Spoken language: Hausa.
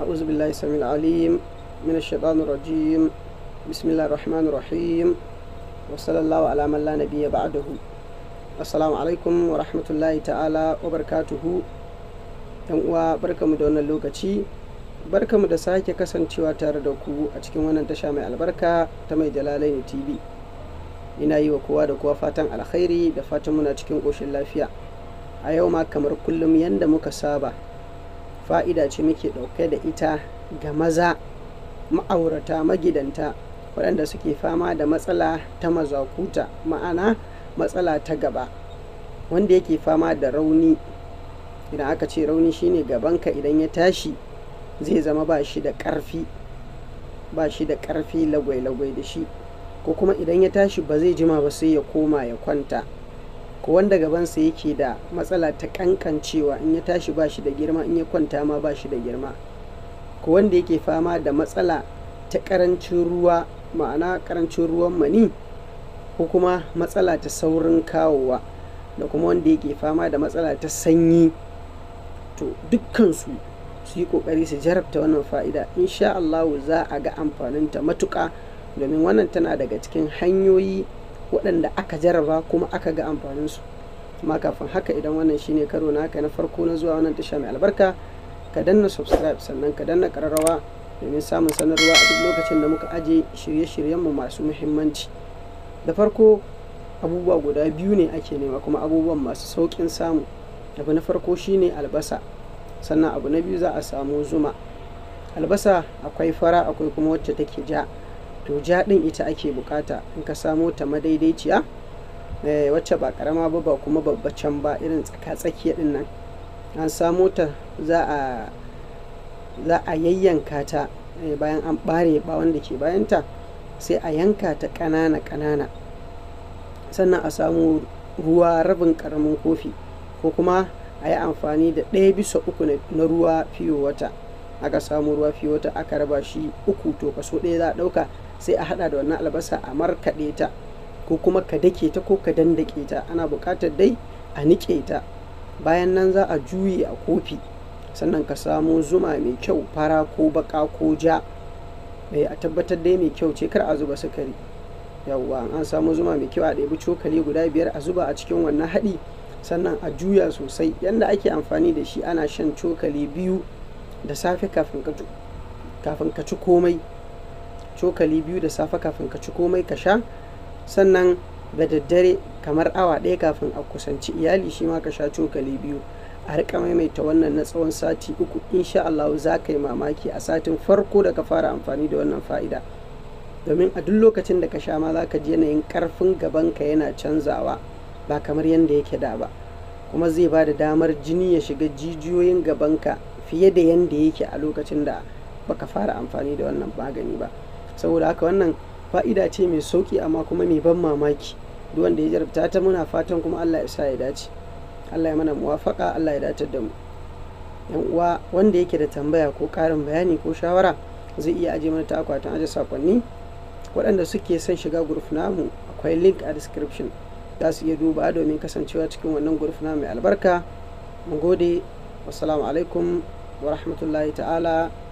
أعوذ بالله السميع العليم من الشيطان الرجيم بسم الله الرحمن الرحيم وصلى الله على من لا نبي بعده السلام alaikum wa الله ta'ala wa barakatuhu yan uwa barkamu da wannan lokaci barkamu da sake kasancewa tare da ku a cikin wannan tasha mai albarka ta mai na tv ina yi wa kowa da kowa fatan alkhairi da fatan muna cikin ƙoshin lafiya a yau ma kamar kullum yadda muka saba fa'ida ce muke ɗauke da ita ga maza ma'aurata magidanta waɗanda suke fama da matsala ta mazakuta ma'ana matsala ta gaba wanda yake fama da rauni idan aka ce rauni shine gabanka idan ya tashi zai zama ba shi da ƙarfi ba shi da ƙarfi lagwai-lagwai da shi ko kuma idan ya tashi ba zai jima ba sai ya koma ya kwanta ko wanda gabansa yake da matsala ta kankancewa in ya tashi ba shi da girma in ya kwanta ma ba shi da girma ko wanda yake fama da matsala ta karancin ruwa ma'ana karancin ruwan mani ko kuma matsala ta saurin kawowa da kuma wanda yake fama da matsala ta sanyi to dukkansu su yi kokari su jarabta wannan fa'ida insha Allahu za a ga amfaninta matuƙa domin wannan tana daga cikin hanyoyi waɗanda aka jarraba kuma aka ga amfaninsu amma kafin haka idan wannan shine karo na haka na farko na zuwa wannan tasha mai albarka ka danna subscribe sannan ka danna kararrawa domin samun sanarwa a duk lokacin da muka aje shirye-shiryenmu masu muhimmanci da farko abubuwa guda biyu ne ake nema kuma abubuwan masu saukin samu abu na farko shine albasa sannan abu na biyu za a samu zuma albasa akwai fara akwai kuma wacce take ja to ja ɗin ita ake bukata in ka samo ta madaidaiciya eh, wacce ba karama ba ba kuma can ba irin tsaka-tsakiya ɗin nan an samo ta za a yayyanka ta eh, bayan an ɓare ba wanda ke bayanta sai a yanka ta ƙanana kanana sannan a samu ruwa rabin karamin kofi ko kuma a yi amfani da ɗaya bisa uku na ruwa fiye wata aka samu ruwa fiye wata aka raba shi uku to kaso ɗaya za a ɗauka sai a hada da wannan albasa a markaɗe ta ko kuma ka dake ta ko ka dandake ta ana buƙatar dai a niƙe ta bayan nan za a juye a kofi sannan ka samo zuma mai kyau fara ko baka ko ja mai eh, a tabbatar dai mai kyau ce kar a zuba sukari yawwa an samu zuma mai kyau a ɗebi cokali guda biyar a zuba a cikin wannan haɗi sannan a juya sosai yadda ake amfani da shi ana shan cokali biyu da safe kafin ka ci komai cokali biyu da safe kafin ka ci komai ka sha sannan da daddare kamar awa ɗaya kafin a kusanci iyali shi ma ka sha cokali biyu a rika maimaita wannan na tsawon sati uku insha Allah za ka yi mamaki a satin farko da ka fara amfani da wannan fa'ida domin a duk lokacin da ka sha ma za ka ji yanayin karfin gabanka yana canzawa ba kamar yadda yake da ba kuma zai ba da damar jini ya shiga jijiyoyin gabanka fiye da yadda yake a lokacin da baka fara amfani da wannan magani ba. saboda haka wannan fa'ida ce mai sauki amma kuma mai ban mamaki duk wanda ya jarabta ta muna fatan kuma Allah ya sa ya dace Allah ya mana muwafaka Allah ya datar da mu yan uwa wanda yake da tambaya ko karin bayani ko shawara zai iya aje mana ta akwatin aje sakonni waɗanda suke son shiga group namu akwai link a description za su iya duba domin kasancewa cikin wannan group namu mai albarka mu gode assalamu alaikum wa rahmatullahi ta'ala